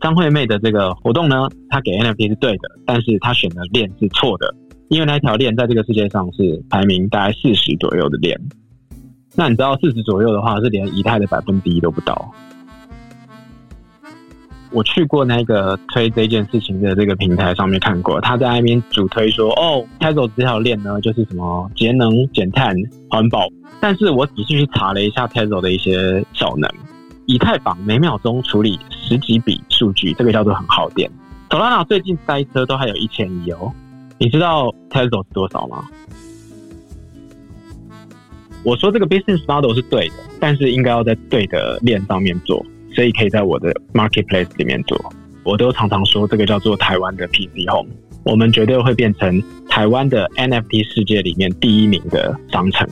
張惠妹的這個活動呢，她給 NFT 是對的，但是她選的鏈是錯的，因為那條鏈在這個世界上是排名大概四十左右的鏈。那你知道四十左右的話，是連以太的百分之一都不到。我去過那個推這件事情的這個平台上面看過，他在那邊主推說：“哦 Tezos 這條鏈呢，就是什麼節能、減碳、環保。”但是，我仔細去查了一下 Tezos 的一些效能，以太坊每秒鐘處理。十幾筆數據，這個叫做很耗電。Solana 最近塞車都還有一千億哦。你知道 Tesla 是多少嗎？我說這個 business model 是對的，但是應該要在對的鏈上面做，所以可以在我的 marketplace 裡面做。我都常常說，這個叫做台灣的 PC Home，我們絕對會變成台灣的 NFT 世界裡面第一名的商城。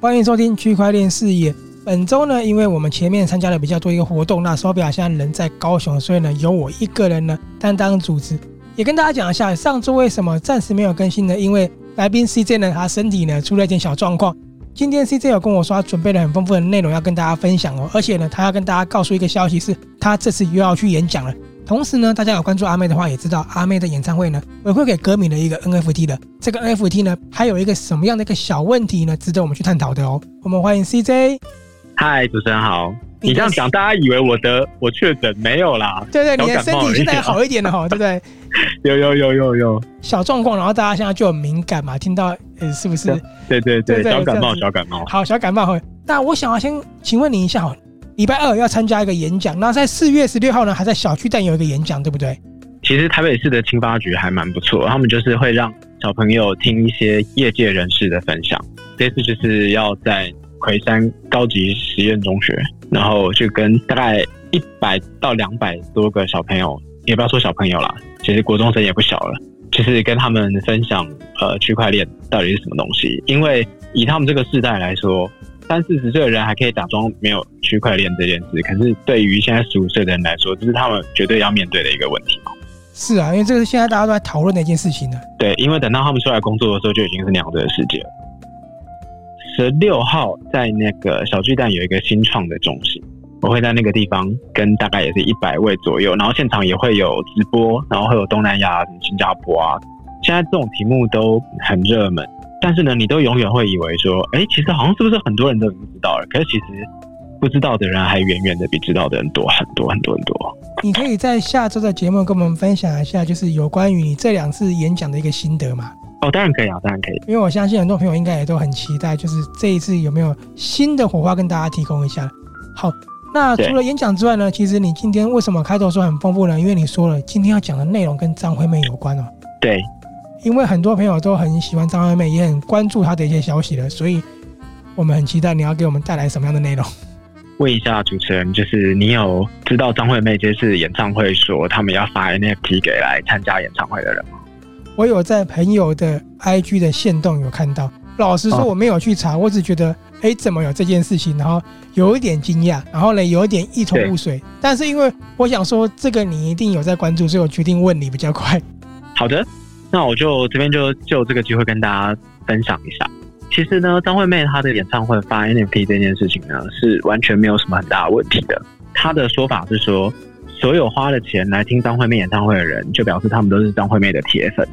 歡迎收聽區塊鏈視野。本周呢，因為我們前面參加了比較多一個活動，那手表現在人在高雄，所以呢，由我一個人呢擔當組織。也跟大家講一下，上周為什麼暫時沒有更新呢？因為來賓 CJ 呢，他身體呢出了一點小狀況。今天 CJ 有跟我說，他準備了很豐富的內容要跟大家分享哦。而且呢，他要跟大家告訴一個消息是，是他這次又要去演講了。同時呢，大家有關注阿妹的話，也知道阿妹的演唱會呢，我會給歌迷的一個 NFT 的。這個 NFT 呢，還有一個什麼樣的一個小問題呢，值得我們去探討的哦。我們歡迎 CJ。嗨，主持人好。你這樣講，大家以為我得我確診沒有啦？對,對對，你的身體現在好一點了哈，對不對？有有有有有小狀況，然後大家現在就很敏感嘛，聽到呃是不是？對對對，對對對小感冒,小感冒，小感冒。好，小感冒好。那我想、啊、先請問你一下哦。禮拜二要參加一個演講，那在四月十六號呢，還在小巨蛋有一個演講，對不對？其實臺北市的青發局還蠻不錯，他們就是會讓小朋友聽一些業界人士的分享。這次就是要在奎山高級實驗中學，然後去跟大概一百到兩百多個小朋友，也不要說小朋友啦，其實國中生也不小了，就是跟他們分享呃區塊鏈到底是什麼東西，因為以他們這個世代來說。三四十歲的人還可以假裝沒有區塊鏈這件事，可是對於現在十五歲的人來說，這是他們絕對要面對的一個問題。是啊，因為這個是現在大家都在討論的一件事情呢、啊。對，因為等到他們出來工作的時候，就已經是那樣的世界了。十六號在那個小巨蛋有一個新創的中心，我會在那個地方跟大概也是一百位左右，然後現場也會有直播，然後會有東南亞什麼新加坡啊，現在這種題目都很熱門。但是呢，你都永遠會以為說，哎、欸，其實好像是不是很多人都已經知道了？可是其實不知道的人還遠遠的比知道的人多很多很多很多。很多很多。你可以在下周的節目跟我們分享一下，就是有關於你這兩次演講的一個心得嘛？哦，當然可以啊，當然可以。因為我相信很多朋友應該也都很期待，就是這一次有沒有新的火花跟大家提供一下。好，那除了演講之外呢，對其實你今天為什麼開頭說很豐富呢？因為你說了今天要講的內容跟張惠妹有關哦、喔。對。因為很多朋友都很喜歡張惠妹，也很關注她的一些消息了，所以我們很期待你要給我們帶來什麼樣的內容。問一下主持人，就是你有知道張惠妹這次演唱會說他們要發 NFT 給來參加演唱會的人嗎？我有在朋友的 IG 的限動有看到。老實說，我沒有去查，哦、我只覺得哎，怎麼有這件事情？然後有一點驚訝，嗯、然後呢有一點一頭霧水。對但是因為我想說這個你一定有在關注，所以我決定問你比較快。好的。那我就這邊就就這個機會跟大家分享一下。其實呢，張惠妹她的演唱會發 NFT 這件事情呢，是完全沒有什麼很大的問題的。她的說法是說，所有花了錢來聽張惠妹演唱會的人，就表示他們都是張惠妹的鐵粉。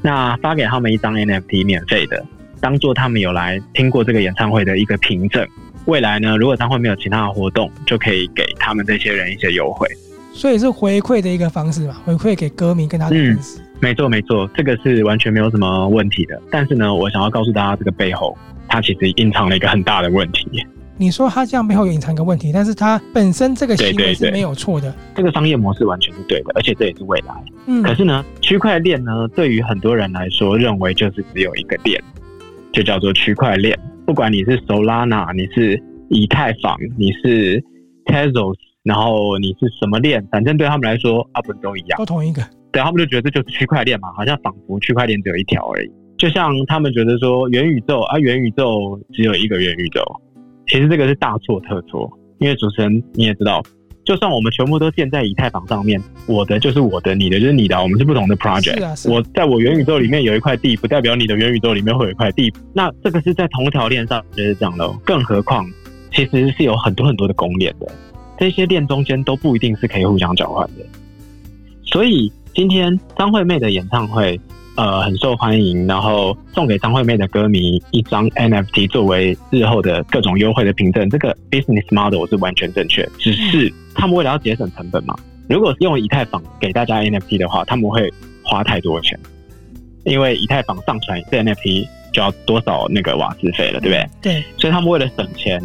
那發給他們一張 NFT 免費的，當做他們有來聽過這個演唱會的一個憑證。未來呢，如果張惠妹有其他的活動，就可以給他們這些人一些優惠。所以是回饋的一個方式吧，回饋給歌迷跟他的粉絲。嗯沒錯，沒錯，這個是完全沒有什麼問題的。但是呢，我想要告訴大家，這個背後它其實隱藏了一個很大的問題。你說它這樣背後有隱藏一個問題，但是它本身這個行為是沒有錯的對對對。這個商業模式完全是對的，而且這也是未來。嗯。可是呢，區塊鏈呢，對於很多人來說，認為就是只有一個鏈，就叫做區塊鏈。不管你是 Solana，你是以太坊，你是 Tezos，然後你是什麼鏈，反正對他們來說，啊不，都一樣，都同一個。對，他們就覺得這就是區塊鏈嘛，好像仿佛區塊鏈只有一條而已，就像他們覺得說元宇宙啊，元宇宙只有一個元宇宙。其實這個是大錯特錯，因為主持人你也知道，就算我們全部都建在以太坊上面，我的就是我的，你的就是你的，我們是不同的 project。是啊，是啊。我在我元宇宙裡面有一塊地，不代表你的元宇宙裡面會有一塊地。那這個是在同一條鏈上就是這樣的，更何況其實是有很多很多的公鏈的，這些鏈中間都不一定是可以互相交換的，所以。今天張惠妹的演唱會，呃，很受歡迎，然後送給張惠妹的歌迷一張 NFT 作為日後的各種優惠的憑證，這個 business model 是完全正確，只是他們為了要節省成本嘛，如果用以太坊給大家 NFT 的話，他們會花太多錢，因為以太坊上傳一次 NFT 就要多少那個瓦斯費了，對不對？對，所以他們為了省錢，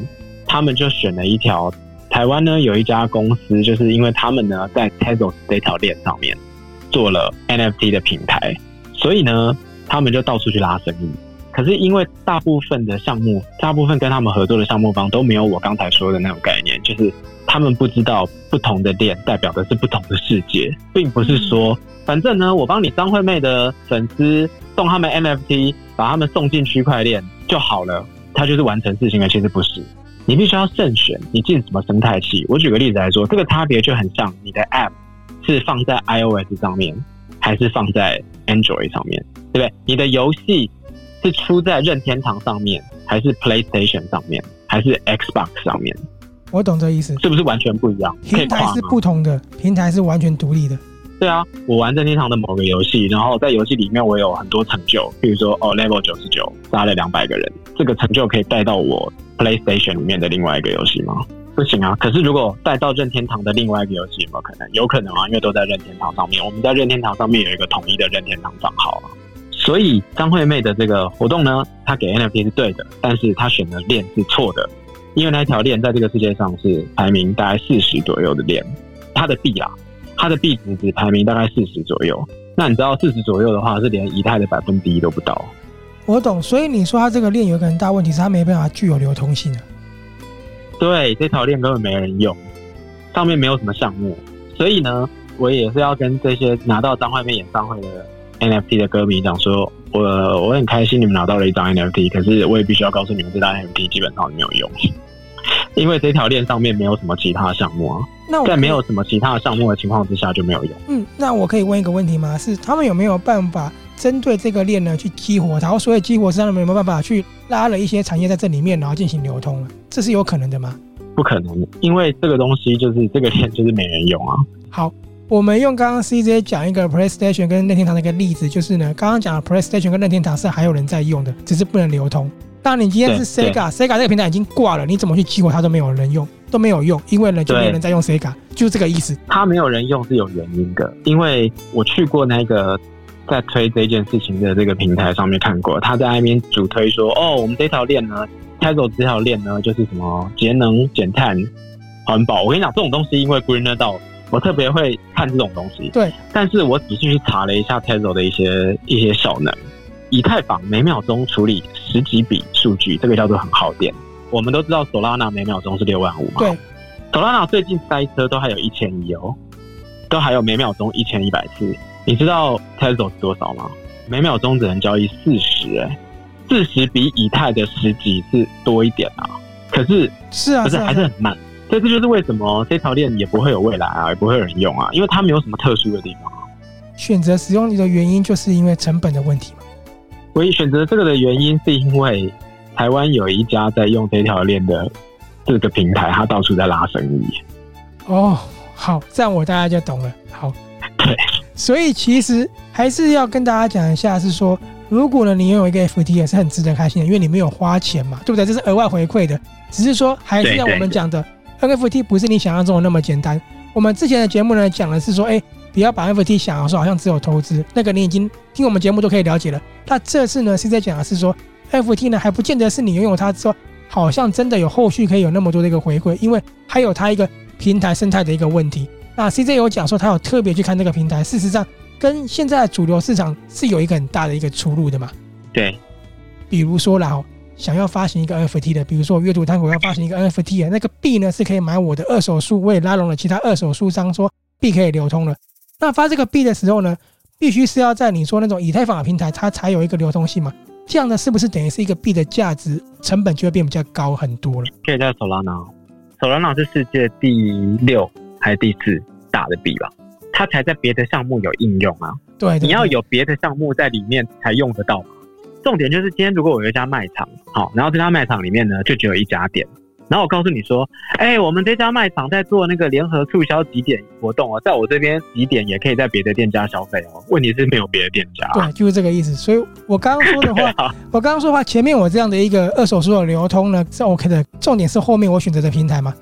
他們就選了一條，台灣呢，有一家公司，就是因為他們呢在 Tezos 這條鏈上面。做了 NFT 的平台，所以呢，他們就到處去拉生意。可是因為大部分的項目，大部分跟他們合作的項目方都沒有我剛才說的那種概念，就是他們不知道不同的鏈代表的是不同的世界，並不是說反正呢，我幫你張惠妹的粉絲送他們 NFT，把他們送進區塊鏈就好了，他就是完成事情了。而且其實不是，你必須要慎選你進什麼生態系。我舉個例子來說，這個差別就很像你的 App。是放在 iOS 上面，還是放在 Android 上面？對不對？你的遊戲是出在任天堂上面，還是 PlayStation 上面，還是 Xbox 上面？我懂這意思，是不是完全不一樣？平台是不同的，平台是完全獨立的。對啊，我玩任天堂的某個遊戲，然後在遊戲裡面我有很多成就，比如說，哦，Level 九十九殺了兩百個人，這個成就可以帶到我 PlayStation 裡面的另外一個遊戲嗎？不行啊！可是如果帶到任天堂的另外一個遊戲，有沒有可能？有可能啊，因為都在任天堂上面。我們在任天堂上面有一個統一的任天堂賬號啊。所以張惠妹的這個活動呢，她給 NFT 是對的，但是她選的鏈是錯的，因為那條鏈在這個世界上是排名大概四十左右的鏈，它的幣啊，它的幣值只排名大概四十左右。那你知道四十左右的話，是連以太的百分之一都不到。我懂，所以你說它這個鏈有個很大問題，是它沒辦法具有流通性啊。對，這條鏈根本沒人用，上面沒有什麼項目，所以呢，我也是要跟這些拿到張惠妹演唱會的 NFT 的歌迷講說，我我很開心你們拿到了一張 NFT，可是我也必須要告訴你們，這張 NFT 基本上沒有用，因為這條鏈上面沒有什麼其他項目啊，那我在沒有什麼其他的項目的情況之下就沒有用。嗯，那我可以問一個問題嗎？是他們有沒有辦法？針對這個鏈呢，去激活，然後所以激活實際上有沒有辦法去拉了一些產業在這裡面，然後進行流通啊？這是有可能的嗎？不可能，因為這個東西就是這個鏈就是沒人用啊。好，我們用剛剛 C J 講一個 PlayStation 跟任天堂的一個例子，就是呢，剛剛講的 PlayStation 跟任天堂是還有人在用的，只是不能流通。當然你今天是 Sega，Sega 這個平台已經掛了，你怎麼去激活它都沒有人用，都沒有用，因為呢就沒有人在用 Sega，對就這個意思。它沒有人用是有原因的，因為我去過那個。在推這件事情的這個平台上面看過，他在 i 面主推說：“哦，我們這條鏈呢 t e z l s 這條鏈呢，就是什麼節能、減碳、環保。”我跟你講，這種東西因為 g r e e n d 我特別會看這種東西。對。但是我仔細去查了一下 t e z l s 的一些一些效能，以太坊每秒鐘處理十幾筆數據，這個叫做很耗電。我們都知道 Solana 每秒鐘是六萬五嘛。對。s o a n a 最近塞車都還有一千一哦，都還有每秒鐘一千一百次。你知道 Tesla 是多少嗎？每秒鐘只能交易四十、欸，哎，四十比以太的十幾是多一點啊。可是是啊，可是還是很慢。這、啊啊啊、這就是為什麼這條鏈也不會有未來啊，也不會有人用啊，因為它沒有什麼特殊的地方、啊。選擇使用你的原因就是因為成本的問題嗎？我選擇這個的原因是因為台灣有一家在用這條鏈的這個平台，它到處在拉生意。哦，好，這樣我大概就懂了。好，對。所以其實還是要跟大家講一下，是說，如果呢你擁有一個 NFT 也是很值得開心的，因為你沒有花錢嘛，對不對？這是額外回饋的。只是說，還是要我們講的 NFT 不是你想象中的那麼簡單。我們之前的節目呢講的是說，哎，不要把 NFT 想象說好像只有投資。那個你已經聽我們節目都可以了解了。那這次呢是在講的是說 NFT 呢還不見得是你擁有它之後，好像真的有後續可以有那麼多的一個回饋，因為還有它一個平台生態的一個問題。那 CJ 有講說，他有特別去看這個平台，事實上跟現在主流市場是有一個很大的一個出入的嘛。對，比如說啦、喔，想要發行一個 NFT 的，比如說我閱讀探戈要發行一個 NFT 的那個幣呢是可以買我的二手書，我也拉攏了其他二手書商，說幣可以流通了。那發這個幣的時候呢，必須是要在你說那種以太坊的平台，它才有一個流通性嘛？這樣呢是不是等於是一個幣的價值成本就會變比較高很多了？可以叫 Solana，Solana 是世界第六。還是第四大的幣吧，它才在別的項目有應用啊。對，對，你要有別的項目在裡面才用得到嘛。重點就是今天，如果我有一家賣場，好，然後這家賣場裡面呢就只有一家店，然後我告訴你說，哎、欸，我們這家賣場在做那個聯合促銷幾點活動哦、啊，在我這邊幾點也可以在別的店家消費哦、啊。問題是沒有別的店家、啊。對，就是這個意思。所以我剛剛說的話， 對好 我剛剛說的話前面我這樣的一個二手書的流通呢是 OK 的，重點是後面我選擇的平台嗎？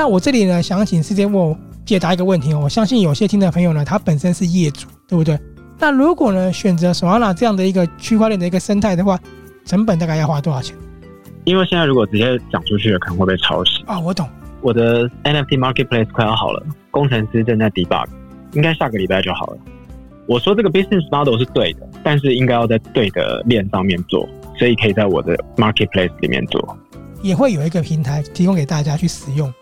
那我這裡呢，想請 Stable 解答一個問題哦。我相信有些聽眾的朋友呢，他本身是業主，對不對？那如果呢，選擇 Solana 這樣的一個區塊鏈的一個生態的話，成本大概要花多少錢？因為現在如果直接講出去，可能會被抄襲啊。我懂。我的 NFT Marketplace 快要好了，工程師正在 debug，應該下個禮拜就好了。我說這個 business model 是對的，但是應該要在對的鏈上面做，所以可以在我的 Marketplace 裡面做。也會有一個平台提供給大家去使用。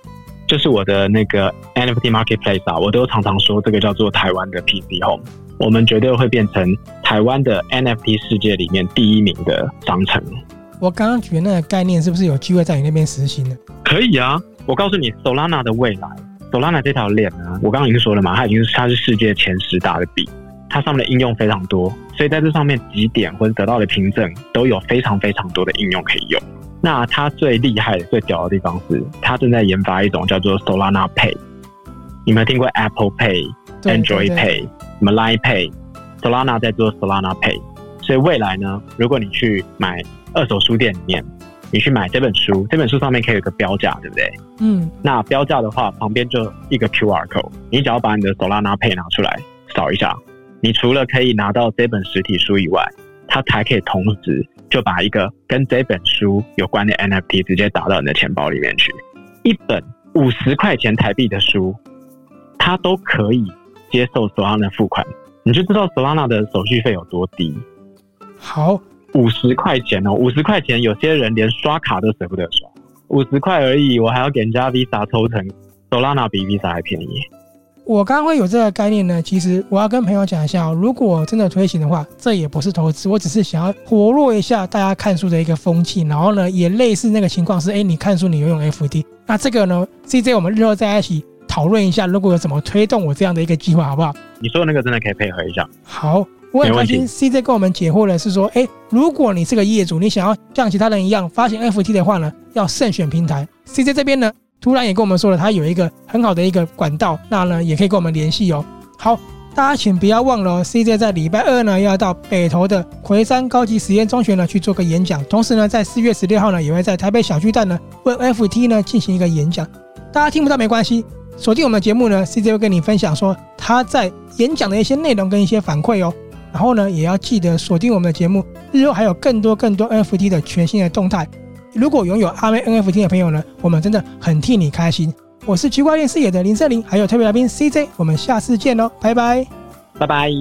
就是我的那個 NFT marketplace 啊，我都常常說這個叫做台灣的 PC Home，我們絕對會變成台灣的 NFT 世界裡面第一名的商城。我剛剛舉的那個概念，是不是有機會在你那邊實行呢？可以啊，我告訴你，Solana 的未來，Solana 這條鏈呢，我剛剛已經說了嘛，它已經是它是世界前十大的幣，它上面的應用非常多，所以在這上面幾點或者得到的憑證，都有非常非常多的應用可以用。那它最厲害的、最屌的地方是，它正在研發一種叫做 Solana Pay。你有沒有聽過 Apple Pay、Android Pay、什麼 Line Pay？Solana 在做 Solana Pay，所以未來呢，如果你去買二手書店裡面，你去買這本書，這本書上面可以有個標價，對不對？嗯。那標價的話，旁邊就一個 QR code。你只要把你的 Solana Pay 拿出來掃一下，你除了可以拿到這本實體書以外，它還可以同時。就把一個跟這本書有關的 NFT 直接打到你的錢包裡面去，一本五十塊錢台幣的書，它都可以接受 Solana 付款，你就知道 Solana 的手續費有多低。好，五十塊錢哦，五十塊錢有些人連刷卡都捨不得刷，五十塊而已，我還要給人家 Visa 抽成，Solana 比 Visa 還便宜。我剛剛會有這個概念呢，其實我要跟朋友講一下，哦，如果真的推行的話，這也不是投資，我只是想要活絡一下大家看書的一個風氣。然後呢，也類似那個情況是，哎，你看書你有有，你有用 F T，那這個呢，C J 我們日後再一起討論一下，如果有怎麼推動我這樣的一個計劃，好不好？你說那個真的可以配合一下。好，我很開心。C J 跟我們解惑的是說，哎，如果你是個業主，你想要像其他人一樣發行 F T 的話呢，要慎選平台。C J 這邊呢？突然也跟我們說了，他有一個很好的一個管道，那呢也可以跟我們聯繫哦。好，大家請不要忘了哦，CJ 在禮拜二呢要到北投的魁山高級實驗中學呢去做個演講，同時呢在四月十六號呢也會在台北小巨蛋呢為 NFT 呢進行一個演講。大家聽不到沒關係，鎖定我們的節目呢，CJ 會跟你分享說他在演講的一些內容跟一些反饋哦。然後呢也要記得鎖定我們的節目，日後還有更多更多 NFT 的全新的動態。如果擁有阿妹 NFT 的朋友呢，我們真的很替你開心。我是區塊鏈視野的林勝林，還有特別來賓 CJ，我們下次見嘍，拜拜，拜拜。